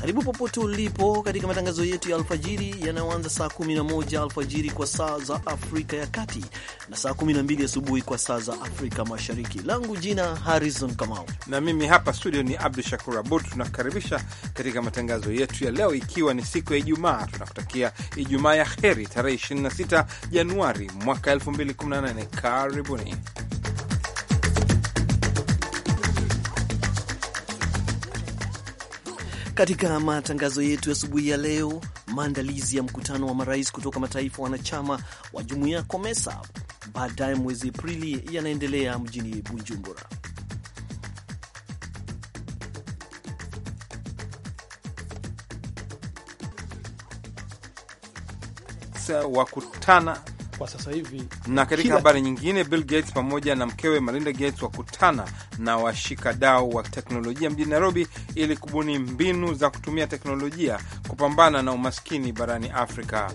Karibu popote ulipo katika matangazo yetu ya alfajiri yanayoanza saa 11 alfajiri kwa saa za Afrika ya Kati na saa 12 asubuhi kwa saa za Afrika Mashariki. Langu jina Harrison Kamau, na mimi hapa studio ni Abdu Shakur Abud. Tunakaribisha katika matangazo yetu ya leo, ikiwa ni siku ya Ijumaa. Tunakutakia Ijumaa ya heri, tarehe 26 Januari mwaka 2018. Karibuni. Katika matangazo yetu asubuhi ya, ya leo, maandalizi ya mkutano wa marais kutoka mataifa wanachama wa jumuiya COMESA baadaye mwezi Aprili yanaendelea mjini Bujumbura. wakutana kwa sasa hivi. Na katika habari nyingine, Bill Gates pamoja na mkewe Melinda Gates wakutana na washikadau wa teknolojia mjini Nairobi ili kubuni mbinu za kutumia teknolojia kupambana na umaskini barani Afrika.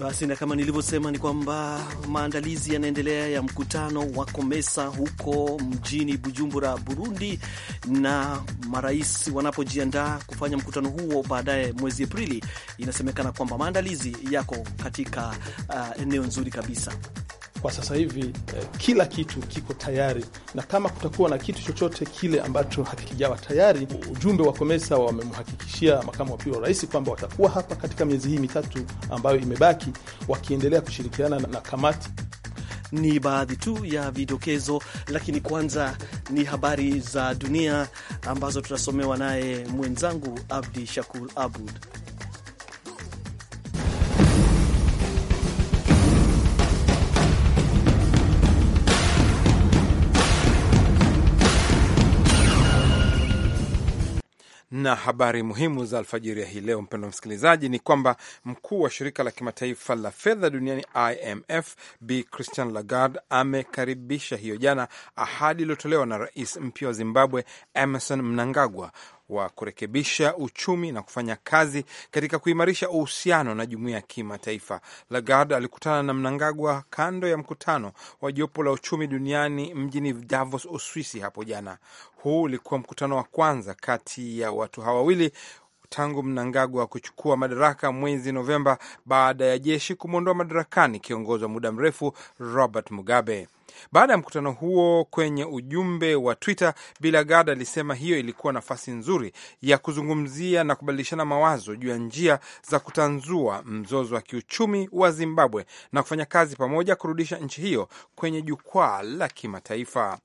Basi na kama nilivyosema ni kwamba maandalizi yanaendelea ya mkutano wa Komesa huko mjini Bujumbura, Burundi, na marais wanapojiandaa kufanya mkutano huo baadaye mwezi Aprili, inasemekana kwamba maandalizi yako katika uh, eneo nzuri kabisa kwa sasa hivi eh, kila kitu kiko tayari, na kama kutakuwa na kitu chochote kile ambacho hakikijawa tayari, ujumbe wa COMESA wamemhakikishia makamu wa pili wa rais kwamba watakuwa hapa katika miezi hii mitatu ambayo imebaki, wakiendelea kushirikiana na, na kamati ni baadhi tu ya vidokezo, lakini kwanza ni habari za dunia ambazo tutasomewa naye mwenzangu Abdi Shakur Abud. na habari muhimu za alfajiri ya hii leo, mpendwa msikilizaji, ni kwamba mkuu wa shirika la kimataifa la fedha duniani IMF b Christian Lagarde amekaribisha hiyo jana ahadi iliyotolewa na rais mpya wa Zimbabwe Emerson Mnangagwa wa kurekebisha uchumi na kufanya kazi katika kuimarisha uhusiano na jumuiya ya kimataifa. Lagarde alikutana na Mnangagwa kando ya mkutano wa jopo la uchumi duniani mjini Davos, Uswisi hapo jana. Huu ulikuwa mkutano wa kwanza kati ya watu hawa wawili tangu Mnangagwa kuchukua madaraka mwezi Novemba baada ya jeshi kumwondoa madarakani kiongozi wa muda mrefu Robert Mugabe. Baada ya mkutano huo, kwenye ujumbe wa Twitter, Bilagad alisema hiyo ilikuwa nafasi nzuri ya kuzungumzia na kubadilishana mawazo juu ya njia za kutanzua mzozo wa kiuchumi wa Zimbabwe na kufanya kazi pamoja kurudisha nchi hiyo kwenye jukwaa la kimataifa.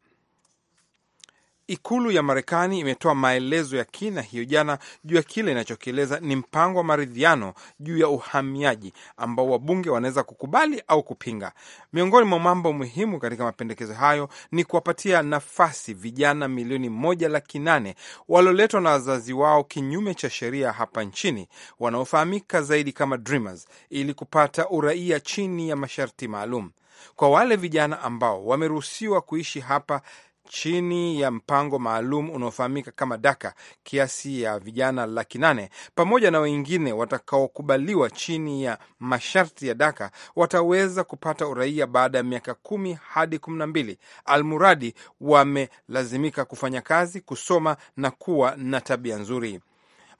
Ikulu ya Marekani imetoa maelezo ya kina hiyo jana juu ya kile inachokieleza ni mpango wa maridhiano juu ya uhamiaji ambao wabunge wanaweza kukubali au kupinga. Miongoni mwa mambo muhimu katika mapendekezo hayo ni kuwapatia nafasi vijana milioni moja laki nane walioletwa na wazazi wao kinyume cha sheria hapa nchini wanaofahamika zaidi kama Dreamers ili kupata uraia chini ya masharti maalum. Kwa wale vijana ambao wameruhusiwa kuishi hapa chini ya mpango maalum unaofahamika kama Daka, kiasi ya vijana laki nane pamoja na wengine watakaokubaliwa chini ya masharti ya Daka wataweza kupata uraia baada ya miaka kumi hadi kumi na mbili almuradi wamelazimika kufanya kazi, kusoma na kuwa na tabia nzuri.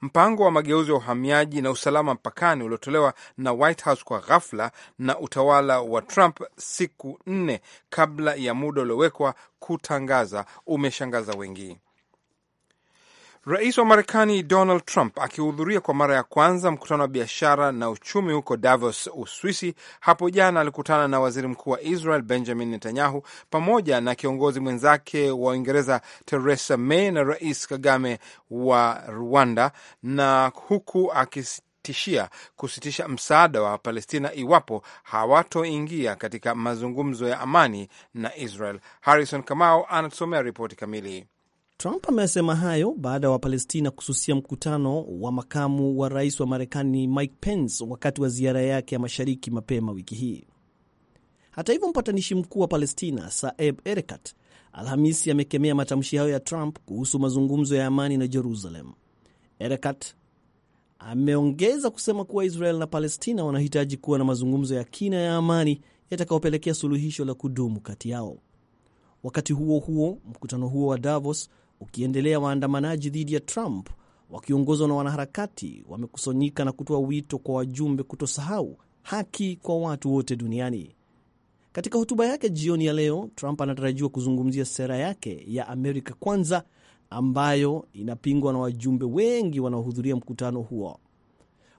Mpango wa mageuzi ya uhamiaji na usalama mpakani uliotolewa na White House kwa ghafla na utawala wa Trump siku nne kabla ya muda uliowekwa kutangaza umeshangaza wengi. Rais wa Marekani Donald Trump akihudhuria kwa mara ya kwanza mkutano wa biashara na uchumi huko Davos, Uswisi hapo jana, alikutana na waziri mkuu wa Israel Benjamin Netanyahu pamoja na kiongozi mwenzake wa Uingereza Theresa May na Rais Kagame wa Rwanda, na huku akitishia kusitisha msaada wa Palestina iwapo hawatoingia katika mazungumzo ya amani na Israel. Harrison Kamau anatusomea ripoti kamili. Trump amesema hayo baada ya Wapalestina kususia mkutano wa makamu wa rais wa Marekani Mike Pence wakati wa ziara yake ya mashariki mapema wiki hii. Hata hivyo, mpatanishi mkuu wa Palestina Saeb Erekat Alhamisi amekemea matamshi hayo ya Trump kuhusu mazungumzo ya amani na Jerusalem. Erekat ameongeza kusema kuwa Israel na Palestina wanahitaji kuwa na mazungumzo ya kina ya amani yatakayopelekea suluhisho la kudumu kati yao. Wakati huo huo, mkutano huo wa Davos ukiendelea, waandamanaji dhidi ya Trump wakiongozwa na wanaharakati wamekusanyika na kutoa wito kwa wajumbe kutosahau haki kwa watu wote duniani. Katika hotuba yake jioni ya leo, Trump anatarajiwa kuzungumzia sera yake ya Amerika Kwanza ambayo inapingwa na wajumbe wengi wanaohudhuria mkutano huo.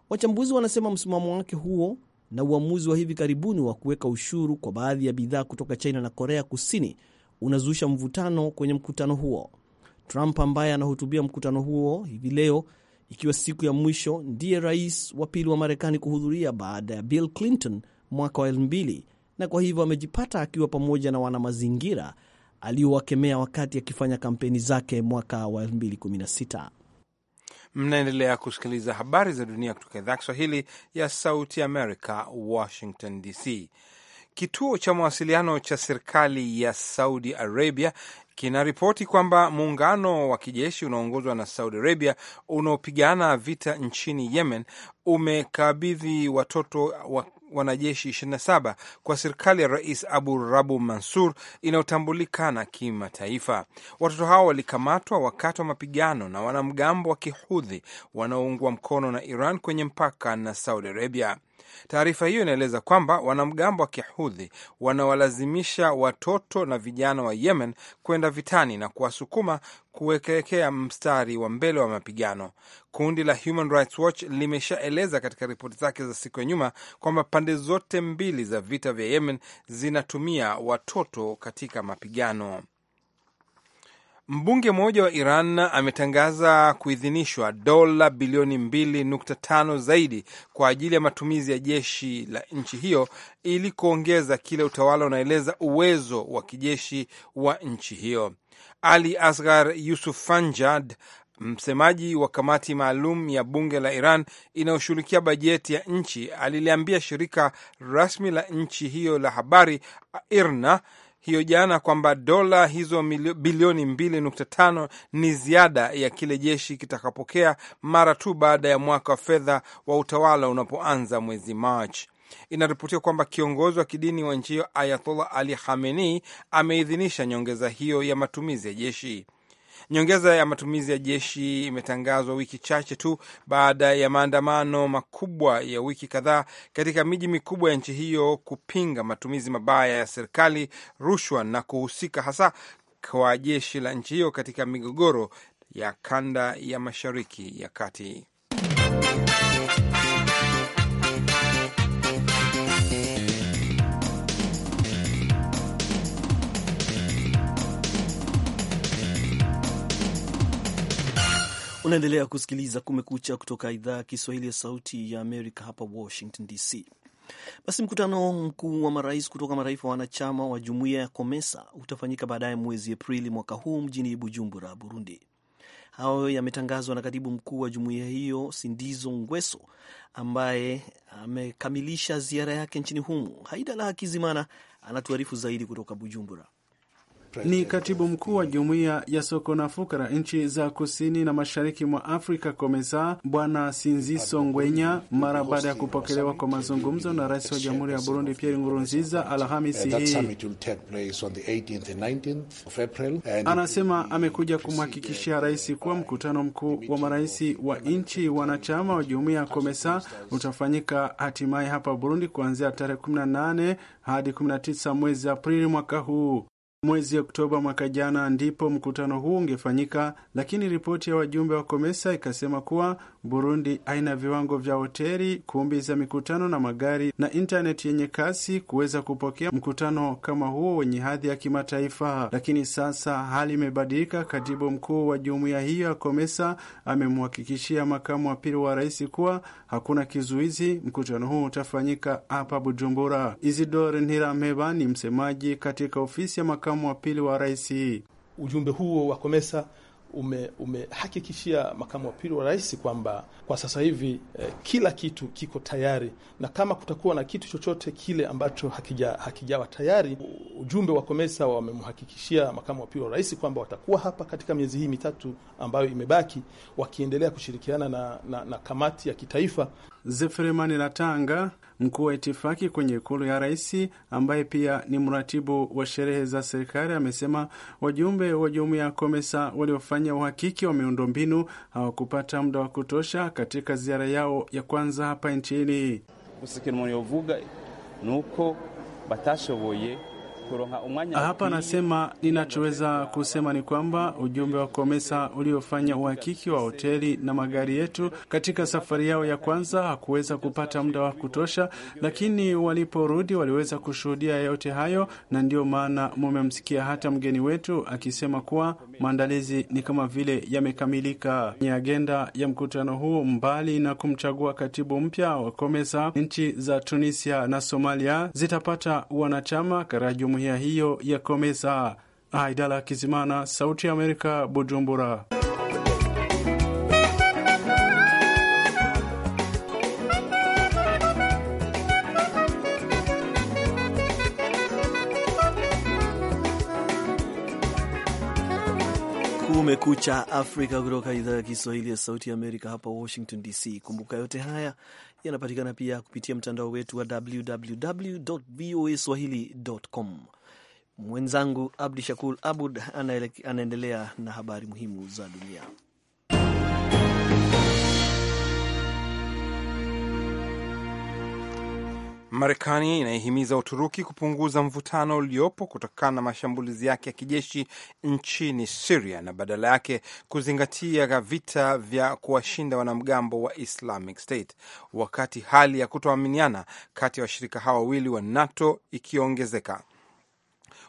Wachambuzi wanasema msimamo wake huo na uamuzi wa hivi karibuni wa kuweka ushuru kwa baadhi ya bidhaa kutoka China na Korea Kusini unazusha mvutano kwenye mkutano huo. Trump ambaye anahutubia mkutano huo hivi leo ikiwa siku ya mwisho, ndiye rais wa pili wa Marekani kuhudhuria baada ya Bill Clinton mwaka wa elfu mbili, na kwa hivyo amejipata akiwa pamoja na wanamazingira aliowakemea wakati akifanya kampeni zake mwaka wa 2016. Mnaendelea kusikiliza habari za dunia kutoka idhaa Kiswahili ya Sauti America, Washington DC. Kituo cha mawasiliano cha serikali ya Saudi Arabia kinaripoti kwamba muungano wa kijeshi unaoongozwa na Saudi Arabia unaopigana vita nchini Yemen umekabidhi watoto wa wanajeshi 27 kwa serikali ya Rais Abu Rabu Mansur inayotambulikana kimataifa. Watoto hao walikamatwa wakati wa mapigano na wanamgambo wa kihudhi wanaoungwa mkono na Iran kwenye mpaka na Saudi Arabia. Taarifa hiyo inaeleza kwamba wanamgambo wa kihudhi wanawalazimisha watoto na vijana wa Yemen kwenda vitani na kuwasukuma kuwekeekea mstari wa mbele wa mapigano. Kundi la Human Rights Watch limeshaeleza katika ripoti zake za siku ya nyuma kwamba pande zote mbili za vita vya Yemen zinatumia watoto katika mapigano. Mbunge mmoja wa Iran ametangaza kuidhinishwa dola bilioni 2.5 zaidi kwa ajili ya matumizi ya jeshi la nchi hiyo ili kuongeza kile utawala unaeleza uwezo wa kijeshi wa nchi hiyo. Ali Asghar Yusuf Fanjad, msemaji wa kamati maalum ya bunge la Iran inayoshughulikia bajeti ya nchi, aliliambia shirika rasmi la nchi hiyo la habari IRNA hiyo jana kwamba dola hizo bilioni 2.5 ni ziada ya kile jeshi kitakapokea mara tu baada ya mwaka wa fedha wa utawala unapoanza mwezi Machi. Inaripotiwa kwamba kiongozi wa kidini wa nchi hiyo Ayatollah Ali Khamenei ameidhinisha nyongeza hiyo ya matumizi ya jeshi. Nyongeza ya matumizi ya jeshi imetangazwa wiki chache tu baada ya maandamano makubwa ya wiki kadhaa katika miji mikubwa ya nchi hiyo kupinga matumizi mabaya ya serikali, rushwa na kuhusika hasa kwa jeshi la nchi hiyo katika migogoro ya kanda ya Mashariki ya Kati. Unaendelea kusikiliza Kumekucha kutoka idhaa ya Kiswahili ya Sauti ya Amerika, hapa Washington DC. Basi mkutano mkuu wa marais kutoka mataifa wanachama wa jumuiya ya COMESA utafanyika baadaye mwezi Aprili mwaka huu mjini Bujumbura, Burundi. Hayo yametangazwa na katibu mkuu wa jumuiya hiyo Sindizo Ngweso, ambaye amekamilisha ziara yake nchini humo. Haidala Hakizimana anatuarifu zaidi kutoka Bujumbura ni katibu mkuu wa jumuiya ya soko na fukara nchi za kusini na mashariki mwa Afrika COMESA Bwana Sinziso Ngwenya mara baada ya kupokelewa kwa mazungumzo na rais wa jamhuri ya Burundi Pierre Nkurunziza Alhamisi hii. Anasema amekuja kumhakikishia uh, rais kuwa mkutano mkuu wa marais wa nchi wanachama wa jumuiya ya COMESA utafanyika hatimaye hapa Burundi kuanzia tarehe 18 hadi 19 mwezi Aprili mwaka huu. Mwezi Oktoba mwaka jana ndipo mkutano huu ungefanyika, lakini ripoti ya wajumbe wa Komesa ikasema kuwa Burundi haina viwango vya hoteli, kumbi za mikutano na magari na intaneti yenye kasi kuweza kupokea mkutano kama huo wenye hadhi ya kimataifa. Lakini sasa hali imebadilika. Katibu mkuu wa jumuiya hiyo ya Komesa amemhakikishia makamu wa pili wa rais kuwa hakuna kizuizi, mkutano huu utafanyika hapa Bujumbura. Isidore Ntirameba ni msemaji katika ofisi ya makamu makamu wa pili wa rais. Ujumbe huo wa COMESA umehakikishia ume makamu wa pili wa rais kwamba kwa sasa hivi eh, kila kitu kiko tayari, na kama kutakuwa na kitu chochote kile ambacho hakijawa hakija tayari, ujumbe wa COMESA wamemhakikishia makamu wa pili wa rais kwamba watakuwa hapa katika miezi hii mitatu ambayo imebaki, wakiendelea kushirikiana na, na, na kamati ya kitaifa. Zefremani Natanga Mkuu wa itifaki kwenye ikulu ya rais, ambaye pia ni mratibu wa sherehe za serikali, amesema wajumbe wa jumuiya ya Komesa waliofanya uhakiki wa miundombinu hawakupata muda wa kutosha katika ziara yao ya kwanza hapa nchini. nuko batashoboye hapa anasema ninachoweza kusema ni kwamba ujumbe wa Komesa uliofanya uhakiki wa hoteli na magari yetu katika safari yao ya kwanza hakuweza kupata muda wa kutosha, lakini waliporudi waliweza kushuhudia yote hayo, na ndiyo maana mumemsikia hata mgeni wetu akisema kuwa maandalizi ni kama vile yamekamilika. Ni agenda ya mkutano huu, mbali na kumchagua katibu mpya wa Komesa, nchi za Tunisia na Somalia zitapata wanachama kara jumuiya jumuiya hiyo ya Komesa. Aidala Kizimana, Sauti ya Amerika, Bujumbura. Kumekucha Afrika kutoka idhaa ya Kiswahili ya Sauti ya Amerika hapa Washington DC. Kumbuka yote haya yanapatikana pia kupitia mtandao wetu wa www voa swahili.com. Mwenzangu Abdi Shakur Abud anaendelea na habari muhimu za dunia. Marekani inaihimiza Uturuki kupunguza mvutano uliopo kutokana na mashambulizi yake ya kijeshi nchini Siria na badala yake kuzingatia vita vya kuwashinda wanamgambo wa Islamic State, wakati hali ya kutoaminiana kati ya washirika hao wawili wa NATO ikiongezeka.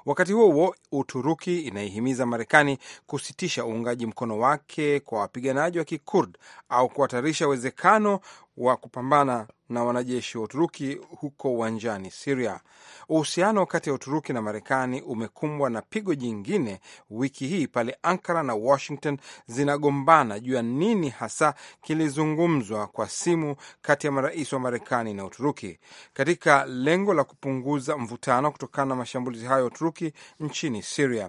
Wakati huo huo, Uturuki inaihimiza Marekani kusitisha uungaji mkono wake kwa wapiganaji wa Kikurd au kuhatarisha uwezekano wa kupambana na wanajeshi wa Uturuki huko uwanjani Siria. Uhusiano kati ya Uturuki na Marekani umekumbwa na pigo jingine wiki hii pale Ankara na Washington zinagombana juu ya nini hasa kilizungumzwa kwa simu kati ya marais wa Marekani na Uturuki katika lengo la kupunguza mvutano kutokana na mashambulizi hayo ya Uturuki nchini Siria.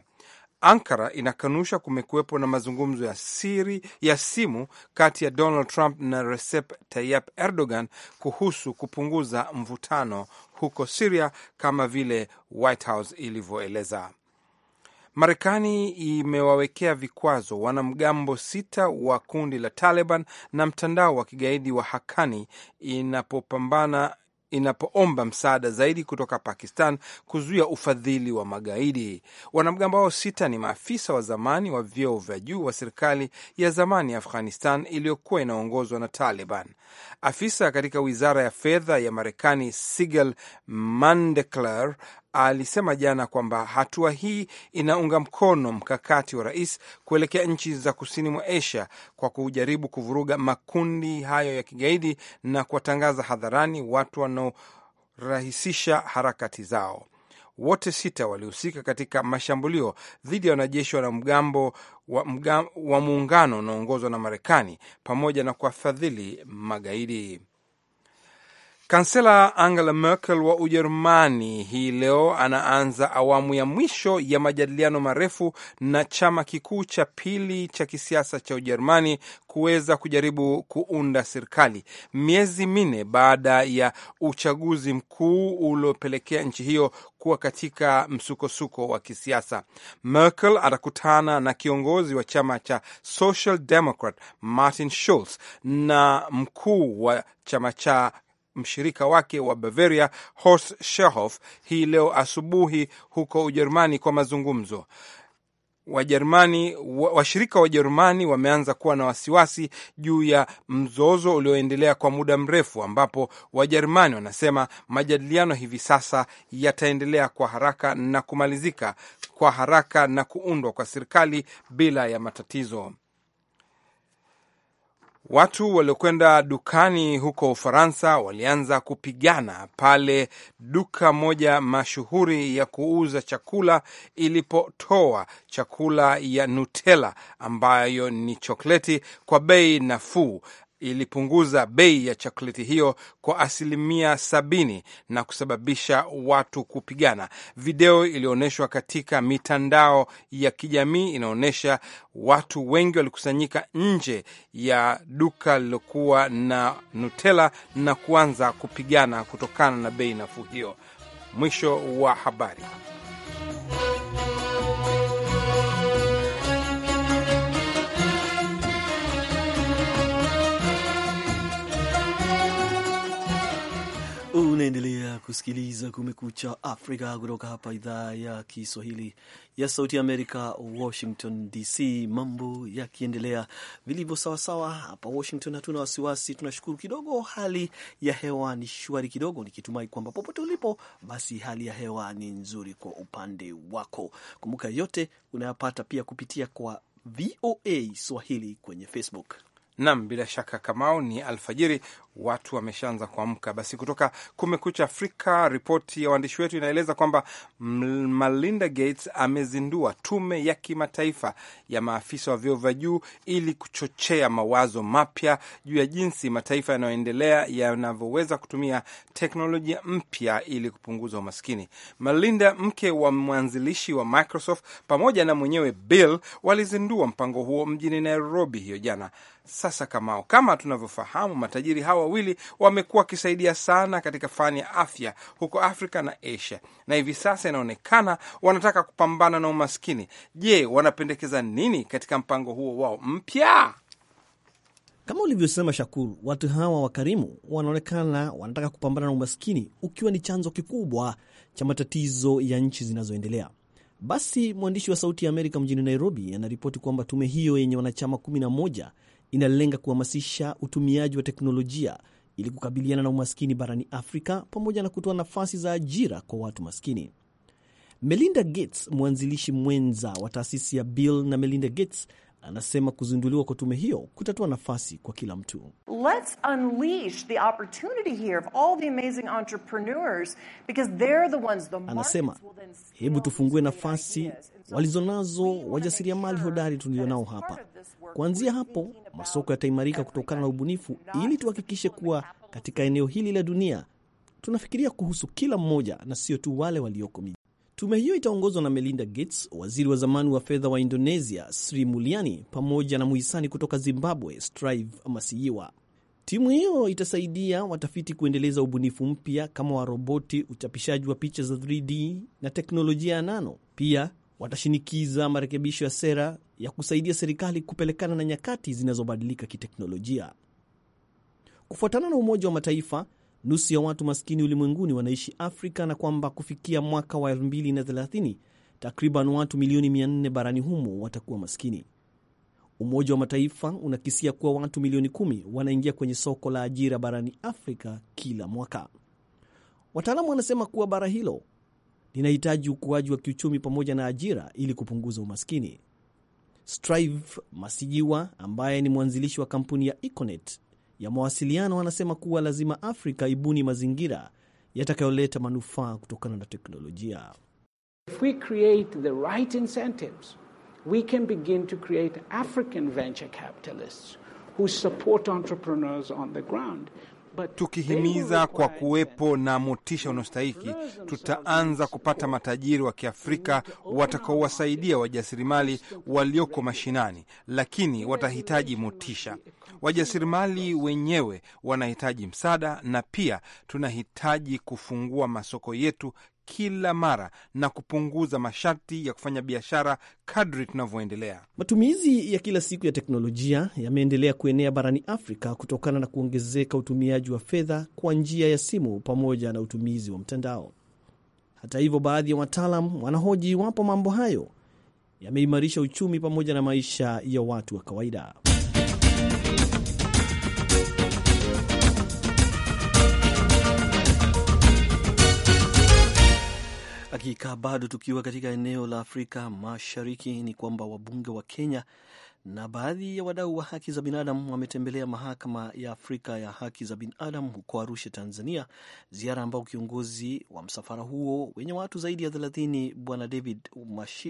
Ankara inakanusha kumekuwepo na mazungumzo ya siri ya simu kati ya Donald Trump na Recep Tayyip Erdogan kuhusu kupunguza mvutano huko Siria kama vile White House ilivyoeleza. Marekani imewawekea vikwazo wanamgambo sita wa kundi la Taliban na mtandao wa kigaidi wa Hakani inapopambana inapoomba msaada zaidi kutoka Pakistan kuzuia ufadhili wa magaidi. Wanamgambo hao sita ni maafisa wa zamani wa vyeo vya juu wa serikali ya zamani ya Afghanistan iliyokuwa inaongozwa na Taliban. Afisa katika wizara ya fedha ya Marekani Sigel Mandekler alisema jana kwamba hatua hii inaunga mkono mkakati wa rais kuelekea nchi za kusini mwa Asia kwa kujaribu kuvuruga makundi hayo ya kigaidi na kuwatangaza hadharani watu wanaorahisisha harakati zao. Wote sita walihusika katika mashambulio dhidi ya wanajeshi wanamgambo wa, wa muungano unaoongozwa na Marekani pamoja na kuwafadhili magaidi. Kansela Angela Merkel wa Ujerumani hii leo anaanza awamu ya mwisho ya majadiliano marefu na chama kikuu cha pili cha kisiasa cha Ujerumani kuweza kujaribu kuunda serikali miezi minne baada ya uchaguzi mkuu uliopelekea nchi hiyo kuwa katika msukosuko wa kisiasa. Merkel atakutana na kiongozi wa chama cha Social Democrat Martin Schulz na mkuu wa chama cha mshirika wake wa Bavaria Horst Seehofer hii leo asubuhi huko Ujerumani kwa mazungumzo. Wajerumani, washirika wa Wajerumani wameanza kuwa na wasiwasi juu ya mzozo ulioendelea kwa muda mrefu, ambapo Wajerumani wanasema majadiliano hivi sasa yataendelea kwa haraka na kumalizika kwa haraka na kuundwa kwa serikali bila ya matatizo. Watu waliokwenda dukani huko Ufaransa walianza kupigana pale duka moja mashuhuri ya kuuza chakula ilipotoa chakula ya Nutella ambayo ni chokleti kwa bei nafuu, ilipunguza bei ya chokoleti hiyo kwa asilimia sabini na kusababisha watu kupigana. Video iliyoonyeshwa katika mitandao ya kijamii inaonyesha watu wengi walikusanyika nje ya duka lililokuwa na Nutella na kuanza kupigana kutokana na bei nafuu hiyo. Mwisho wa habari. Unaendelea kusikiliza Kumekucha Afrika kutoka hapa idhaa ya Kiswahili ya Sauti ya Amerika, Washington DC. Mambo yakiendelea vilivyo sawasawa hapa Washington, hatuna wasiwasi, tunashukuru. Kidogo hali ya hewa ni shwari kidogo, nikitumai kwamba popote ulipo, basi hali ya hewa ni nzuri kwa upande wako. Kumbuka yote unayapata pia kupitia kwa VOA Swahili kwenye Facebook. Nam, bila shaka Kamau, ni alfajiri watu wameshaanza kuamka. Basi kutoka Kumekucha Afrika, ripoti ya waandishi wetu inaeleza kwamba Melinda Gates amezindua tume ya kimataifa ya maafisa wa vyeo vya juu ili kuchochea mawazo mapya juu ya jinsi mataifa yanayoendelea yanavyoweza kutumia teknolojia mpya ili kupunguza umaskini. Melinda, mke wa mwanzilishi wa Microsoft, pamoja na mwenyewe Bill walizindua mpango huo mjini Nairobi hiyo jana. Sasa Kamao, kama tunavyofahamu matajiri hawa wawili wamekuwa wakisaidia sana katika fani ya afya huko Afrika na Asia, na hivi sasa inaonekana wanataka kupambana na umaskini. Je, wanapendekeza nini katika mpango huo wao mpya? Kama ulivyosema Shakuru, watu hawa wakarimu wanaonekana wanataka kupambana na umaskini ukiwa ni chanzo kikubwa cha matatizo ya nchi zinazoendelea. Basi mwandishi wa Sauti ya Amerika mjini Nairobi anaripoti kwamba tume hiyo yenye wanachama 11 inalenga kuhamasisha utumiaji wa teknolojia ili kukabiliana na umaskini barani Afrika pamoja na kutoa nafasi za ajira kwa watu maskini. Melinda Gates, mwanzilishi mwenza wa taasisi ya Bill na Melinda Gates, anasema kuzinduliwa kwa tume hiyo kutatoa nafasi kwa kila mtu. Let's unleash the opportunity here of all the amazing entrepreneurs because they're the ones the anasema, hebu tufungue nafasi walizonazo wajasiriamali hodari tulionao hapa. Kuanzia hapo, masoko yataimarika kutokana na ubunifu, ili tuhakikishe kuwa katika eneo hili la dunia tunafikiria kuhusu kila mmoja na sio tu wale walioko Tume hiyo itaongozwa na Melinda Gates, waziri wa zamani wa fedha wa Indonesia Sri Mulyani, pamoja na muhisani kutoka Zimbabwe Strive Masiyiwa. Timu hiyo itasaidia watafiti kuendeleza ubunifu mpya kama wa roboti, uchapishaji wa picha za 3D na teknolojia ya nano. Pia watashinikiza marekebisho ya sera ya kusaidia serikali kupelekana na nyakati zinazobadilika kiteknolojia. Kufuatana na Umoja wa Mataifa, nusu ya watu maskini ulimwenguni wanaishi Afrika na kwamba kufikia mwaka wa 2030 takriban watu milioni 400 barani humo watakuwa maskini. Umoja wa Mataifa unakisia kuwa watu milioni kumi wanaingia kwenye soko la ajira barani Afrika kila mwaka. Wataalamu wanasema kuwa bara hilo linahitaji ukuaji wa kiuchumi pamoja na ajira ili kupunguza umaskini. Strive Masijiwa ambaye ni mwanzilishi wa kampuni ya Econet ya mawasiliano anasema kuwa lazima Afrika ibuni mazingira yatakayoleta manufaa kutokana na teknolojia. If we create the right incentives, we can begin to create African venture capitalists who support entrepreneurs on the ground tukihimiza kwa kuwepo na motisha unaostahiki, tutaanza kupata matajiri wa Kiafrika watakaowasaidia wajasirimali walioko mashinani, lakini watahitaji motisha. wajasirimali wenyewe wanahitaji msaada, na pia tunahitaji kufungua masoko yetu kila mara na kupunguza masharti ya kufanya biashara kadri tunavyoendelea. Matumizi ya kila siku ya teknolojia yameendelea kuenea barani Afrika kutokana na kuongezeka utumiaji wa fedha kwa njia ya simu pamoja na utumizi wa mtandao. Hata hivyo, baadhi ya wataalam wanahoji iwapo mambo hayo yameimarisha uchumi pamoja na maisha ya watu wa kawaida. Hakika bado tukiwa katika eneo la Afrika Mashariki ni kwamba wabunge wa Kenya na baadhi ya wadau wa haki za binadamu wametembelea mahakama ya Afrika ya haki za binadamu huko Arusha, Tanzania, ziara ambayo kiongozi wa msafara huo wenye watu zaidi ya thelathini Bwana David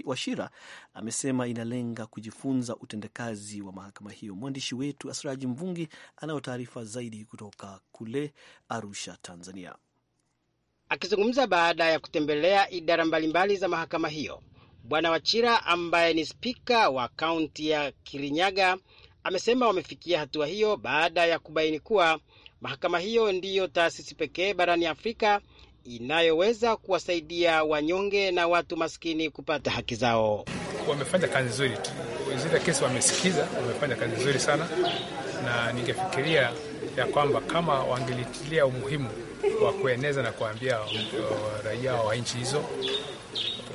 Washira amesema inalenga kujifunza utendakazi wa mahakama hiyo. Mwandishi wetu Asraji Mvungi anayo taarifa zaidi kutoka kule Arusha, Tanzania. Akizungumza baada ya kutembelea idara mbalimbali za mahakama hiyo, Bwana Wachira ambaye ni spika wa kaunti ya Kirinyaga amesema wamefikia hatua hiyo baada ya kubaini kuwa mahakama hiyo ndiyo taasisi pekee barani Afrika inayoweza kuwasaidia wanyonge na watu maskini kupata haki zao. Wamefanya kazi nzuri tu, zile kesi wamesikiza, wamefanya kazi nzuri sana, na ningefikiria ya kwamba kama wangelitilia umuhimu wa kueneza na kuambia uh, raia wa nchi hizo.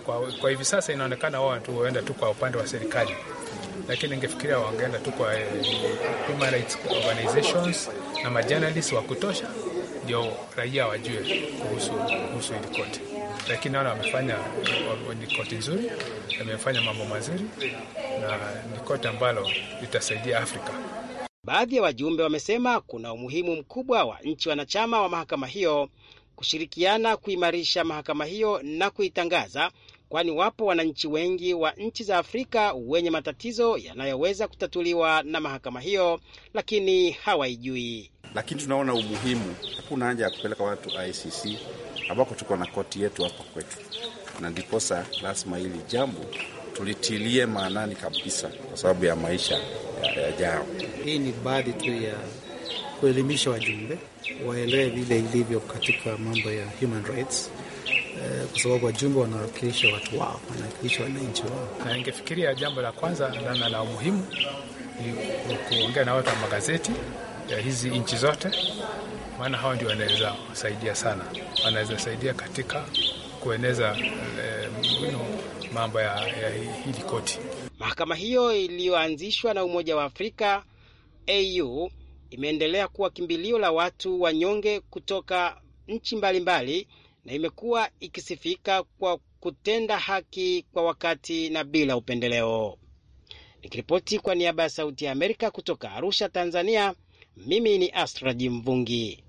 Kwa, kwa hivi sasa inaonekana wao tu waenda tu kwa upande wa serikali, lakini ningefikiria wangeenda tu kwa eh, human rights organizations na majournalists wa kutosha, ndio raia wajue kuhusu kuhusu hili kote lakini naona wamefanya ni koti nzuri, wamefanya mambo mazuri na ni koti ambalo litasaidia Afrika. Baadhi ya wajumbe wamesema kuna umuhimu mkubwa wa nchi wanachama wa mahakama hiyo kushirikiana kuimarisha mahakama hiyo na kuitangaza, kwani wapo wananchi wengi wa nchi za Afrika wenye matatizo yanayoweza kutatuliwa na mahakama hiyo lakini hawaijui. Lakini tunaona umuhimu, hakuna haja ya kupeleka watu ICC ambako tuko na koti yetu hapa kwetu, na ndiposa lazima hili jambo tulitilie maanani kabisa kwa sababu ya maisha yajao. Hii ni baadhi tu ya kuelimisha wajumbe waelewe vile ilivyo katika mambo ya human rights eh, kwa sababu wajumbe wanawakilisha watu wao, wanawakilisha wananchi wao. Na ningefikiria jambo la kwanza nana la umuhimu ni kuongea na watu wa magazeti ya hizi nchi zote, maana hawa ndio wanaweza saidia sana, wanaweza saidia katika kueneza eh, mambo ya, ya hili koti. Mahakama hiyo iliyoanzishwa na Umoja wa Afrika AU imeendelea kuwa kimbilio la watu wanyonge kutoka nchi mbalimbali na imekuwa ikisifika kwa kutenda haki kwa wakati na bila upendeleo. Nikiripoti kwa niaba ya Sauti ya Amerika kutoka Arusha, Tanzania, mimi ni Astra mvungi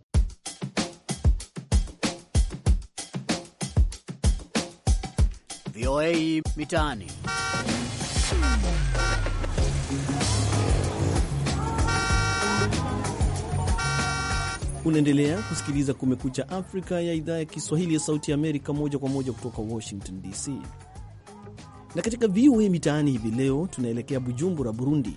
VOA Mitaani. Unaendelea kusikiliza Kumekucha Afrika ya idhaa ya Kiswahili ya Sauti ya Amerika, moja kwa moja kutoka Washington DC. Na katika VOA Mitaani hivi leo tunaelekea Bujumbura, Burundi,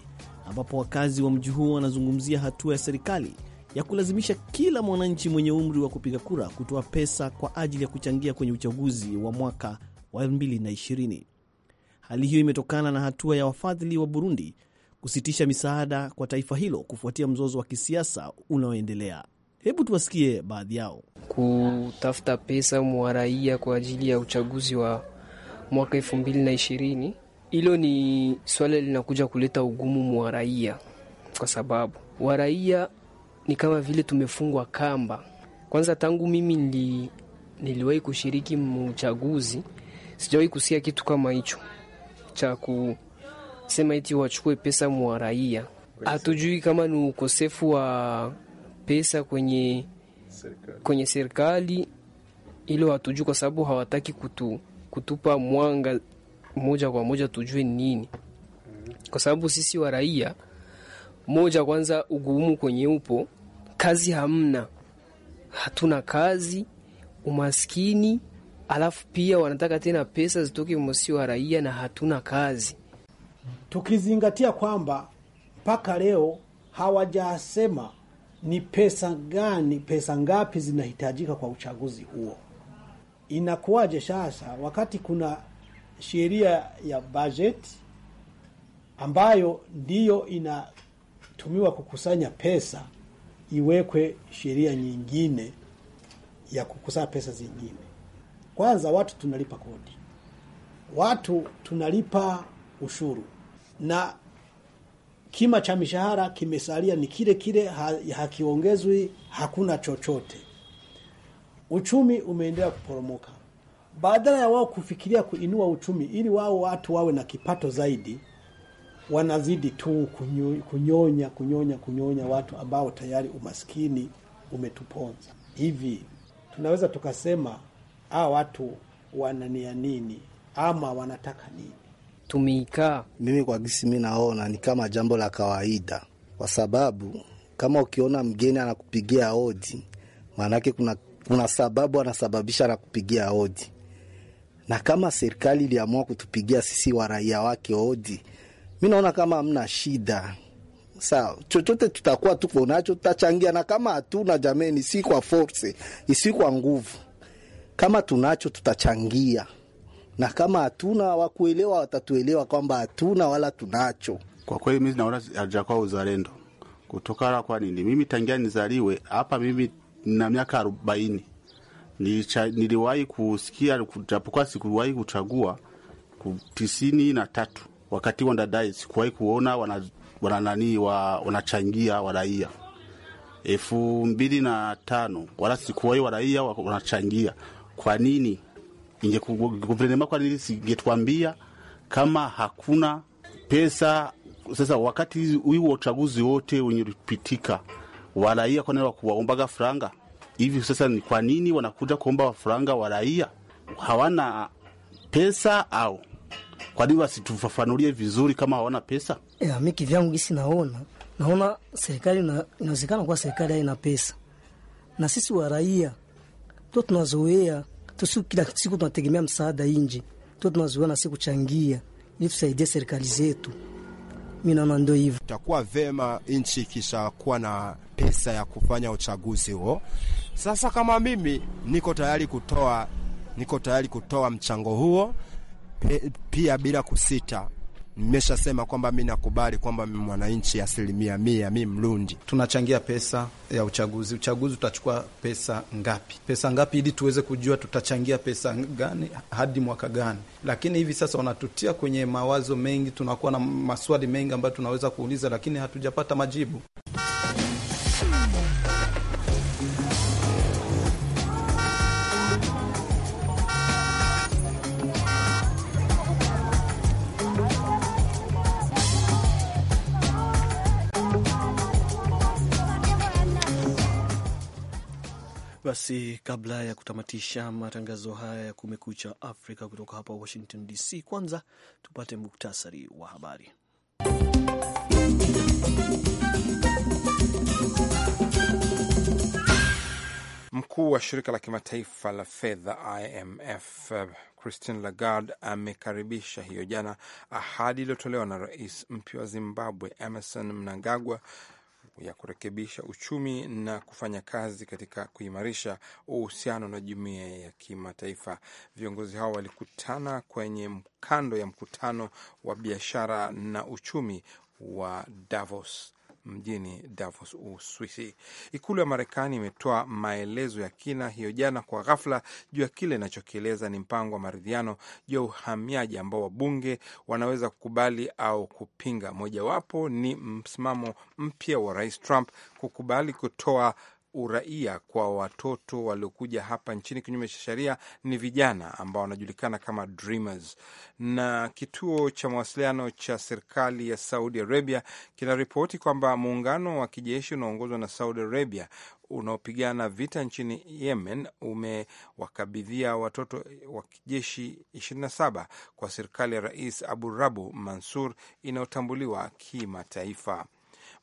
ambapo wakazi wa mji huo wanazungumzia hatua ya serikali ya kulazimisha kila mwananchi mwenye umri wa kupiga kura kutoa pesa kwa ajili ya kuchangia kwenye uchaguzi wa mwaka wa 2020. Hali hiyo imetokana na hatua ya wafadhili wa Burundi kusitisha misaada kwa taifa hilo kufuatia mzozo wa kisiasa unaoendelea. Hebu tuwasikie baadhi yao. Kutafuta pesa mwa raia kwa ajili ya uchaguzi wa mwaka elfu mbili na ishirini, hilo ni swala linakuja kuleta ugumu mwa raia, kwa sababu waraia ni kama vile tumefungwa kamba. Kwanza tangu mimi nili, niliwahi kushiriki mchaguzi, Sijawahi kusikia kitu kama hicho cha kusema eti wachukue pesa mwa raia. Hatujui kama ni ukosefu wa pesa kwenye serikali, kwenye serikali ilo hatujui, kwa sababu hawataki kutu, kutupa mwanga moja kwa moja tujue nini, mm-hmm. kwa sababu sisi wa raia moja, kwanza ugumu kwenye upo kazi, hamna, hatuna kazi, umaskini alafu pia wanataka tena pesa zitoke mosi wa raia, na hatuna kazi, tukizingatia kwamba mpaka leo hawajasema ni pesa gani, pesa ngapi zinahitajika kwa uchaguzi huo. Inakuwaje sasa wakati kuna sheria ya bajeti ambayo ndiyo inatumiwa kukusanya pesa, iwekwe sheria nyingine ya kukusanya pesa zingine? Kwanza watu tunalipa kodi, watu tunalipa ushuru, na kima cha mishahara kimesalia ni kile kile, hakiongezwi, hakuna chochote. Uchumi umeendelea kuporomoka. Badala ya wao kufikiria kuinua uchumi ili wao watu wawe na kipato zaidi, wanazidi tu kunyonya kunyonya kunyonya kunyonya watu ambao tayari umaskini umetuponza. Hivi tunaweza tukasema hawa watu wanania nini ama wanataka nini? Tumiikaa mimi kwa gisi, mi naona ni kama jambo la kawaida, kwa sababu kama ukiona mgeni anakupigia hodi, maanake kuna, kuna sababu anasababisha anakupigia hodi. Na kama serikali iliamua kutupigia sisi wa raia wake hodi, mi naona kama hamna shida. Sawa, chochote tutakuwa tuko nacho, tutachangia, na kama hatuna jameni, si kwa force, isi kwa nguvu kama tunacho tutachangia, na kama hatuna, wakuelewa watatuelewa kwamba hatuna wala tunacho. Kwa kweli mimi naona hajakuwa uzalendo kutokana. Kwa nini? Mimi tangia nizaliwe hapa, mimi na miaka arobaini niliwahi kusikia, japokuwa sikuwahi kuchagua tisini na tatu wakati wa ndadai, sikuwahi kuona wana, wana nani wa, wanachangia waraia elfu mbili na tano wala sikuwahi waraia wanachangia kwa nini ingekuprema? Kwa nini singetuambia kama hakuna pesa? Sasa wakati huo uchaguzi wote wenye ulipitika, waraia kwa nini wakuwaombaga franga hivi? Sasa ni kwa nini wanakuja kuomba franga? Waraia hawana pesa au kwa nini wasitufafanulie vizuri kama hawana pesa? Yeah, mi kivyangu gisi naona naona serikali inawezekana kuwa serikali haina pesa na sisi waraia tu tunazoea tusiku, kila siku tunategemea msaada inji, tu tunazoea na siku kuchangia ili tusaidie serikali zetu. mi naona ndo hivo itakuwa vema nchi ikishakuwa na pesa ya kufanya uchaguzi huo. Sasa kama mimi niko tayari kutoa, niko tayari kutoa mchango huo pia bila kusita nimeshasema kwamba mi nakubali kwamba mi mwananchi asilimia mia, mi Mrundi. Tunachangia pesa ya uchaguzi. Uchaguzi utachukua pesa ngapi? Pesa ngapi, ili tuweze kujua tutachangia pesa gani hadi mwaka gani. Lakini hivi sasa wanatutia kwenye mawazo mengi, tunakuwa na maswali mengi ambayo tunaweza kuuliza, lakini hatujapata majibu. basi, kabla ya kutamatisha matangazo haya ya Kumekucha Afrika kutoka hapa Washington DC, kwanza tupate muktasari wa habari. Mkuu wa shirika la kimataifa la fedha IMF Christine Lagarde amekaribisha hiyo jana ahadi iliyotolewa na rais mpya wa Zimbabwe Emerson Mnangagwa ya kurekebisha uchumi na kufanya kazi katika kuimarisha uhusiano na jumuiya ya kimataifa. Viongozi hao walikutana kwenye kando ya mkutano wa biashara na uchumi wa Davos mjini Davos, Uswisi. Ikulu ya Marekani imetoa maelezo ya kina hiyo jana kwa ghafla juu ya kile inachokieleza ni mpango wa maridhiano juu ya uhamiaji ambao wabunge wanaweza kukubali au kupinga. Mojawapo ni msimamo mpya wa Rais Trump kukubali kutoa uraia kwa watoto waliokuja hapa nchini kinyume cha sheria ni vijana ambao wanajulikana kama dreamers. Na kituo cha mawasiliano cha serikali ya Saudi Arabia kinaripoti kwamba muungano wa kijeshi unaoongozwa na Saudi Arabia unaopigana vita nchini Yemen umewakabidhia watoto wa kijeshi 27 kwa serikali ya Rais Aburabu Mansur inayotambuliwa kimataifa.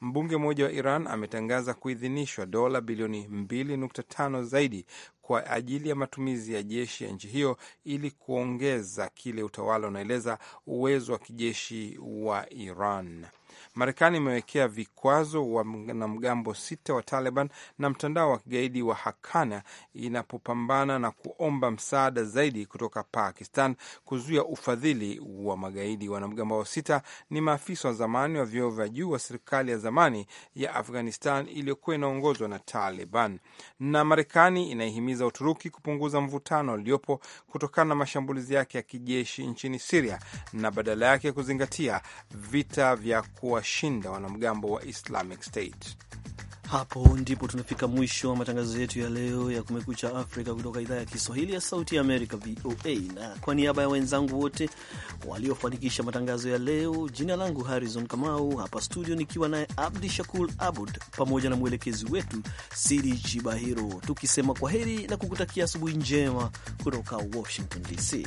Mbunge mmoja wa Iran ametangaza kuidhinishwa dola bilioni 2.5 zaidi kwa ajili ya matumizi ya jeshi ya nchi hiyo ili kuongeza kile utawala unaeleza uwezo wa kijeshi wa Iran. Marekani imewekea vikwazo wanamgambo sita wa Taliban na mtandao wa kigaidi wa Hakana inapopambana na kuomba msaada zaidi kutoka Pakistan kuzuia ufadhili wa magaidi. Wanamgambo hao sita ni maafisa wa zamani wa vyeo vya juu wa serikali ya zamani ya Afghanistan iliyokuwa inaongozwa na Taliban. Na Marekani inaihimiza Uturuki kupunguza mvutano uliopo kutokana na mashambulizi yake ya kijeshi nchini Siria na badala yake kuzingatia vita vya kuwashinda wanamgambo wa Islamic State. Hapo ndipo tunafika mwisho wa matangazo yetu ya leo ya Kumekucha Afrika kutoka idhaa ya Kiswahili ya Sauti ya Amerika, VOA. Na kwa niaba ya wenzangu wote waliofanikisha matangazo ya leo, jina langu Harrison Kamau, hapa studio nikiwa naye Abdi Shakur Abud pamoja na mwelekezi wetu Sidi Chibahiro, tukisema kwa heri na kukutakia asubuhi njema kutoka Washington DC.